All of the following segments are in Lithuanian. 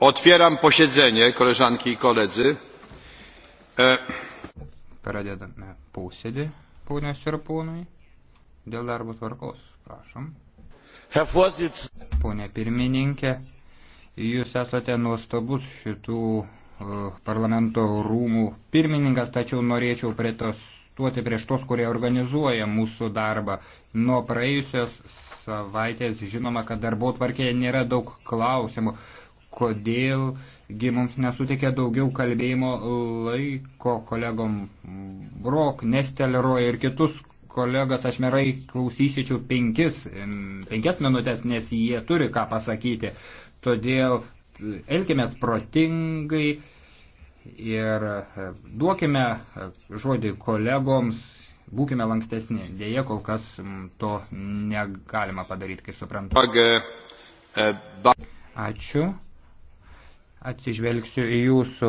Otwieram posiedzenie, koleżanki i koledzy. E, Pradedame posėdį, ponios ir ponai, dėl darbo tvarkos. Prašom. Pone pirmininkė, jūs esate nuostabus šitų e, parlamento rūmų pirmininkas, tačiau norėčiau prie tos protestuoti prieš tos, kurie organizuoja mūsų darbą. Nuo praėjusios savaitės žinoma, kad darbo tvarkėje nėra daug klausimų. Kodėlgi mums nesutikė daugiau kalbėjimo laiko kolegom Brok, Nesteleroje ir kitus kolegas aš merai klausysičiau penkis, penkias minutės, nes jie turi ką pasakyti. Todėl elkimės protingai ir e, duokime e, žodį kolegoms, būkime lankstesni. Deja, kol kas to negalima padaryti, kaip suprantu. E, Ačiū. Atsižvelgsiu į jūsų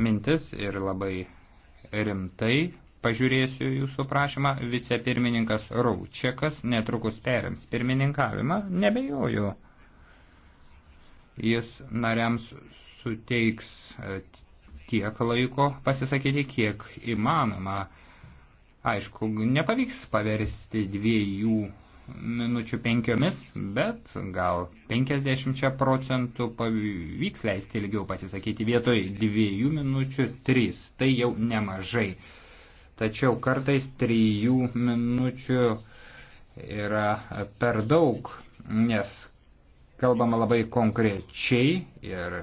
mintis ir labai rimtai pažiūrėsiu jūsų prašymą. Vicepirmininkas Raučiakas netrukus perims pirmininkavimą, nebejoju. Jis nariams suteiks e, tiek laiko pasisakyti, kiek įmanoma. Aišku, nepavyks paversti dviejų minučių penkiomis, bet gal 50 procentų pavyks leisti ilgiau pasisakyti vietoj dviejų minučių trys. Tai jau nemažai. Tačiau kartais trijų minučių yra per daug, nes kalbama labai konkrečiai ir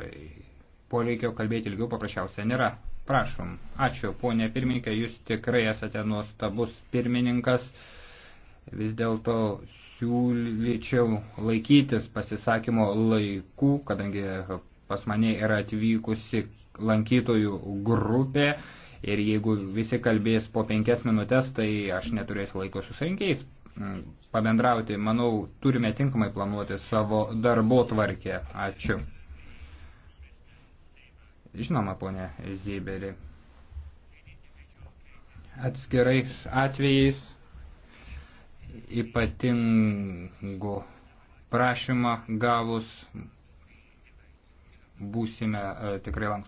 poreikio kalbėti ilgiau paprasčiausia nėra. Prašom. Ačiū, ponė pirmininkė, jūs tikrai esate nuostabus pirmininkas. Vis dėlto siūlyčiau laikytis pasisakymo laikų, kadangi pas mane yra atvykusi lankytojų grupė ir jeigu visi kalbės po penkias minutės, tai aš neturėsiu laiko su sankiais mm, pabendrauti. Manau, turime tinkamai planuoti savo darbo tvarkę. Ačiū. Žinoma, ponė Zyberi, atskirais atvejais ypatingų prašymą gavus būsime e, tikrai lankstus.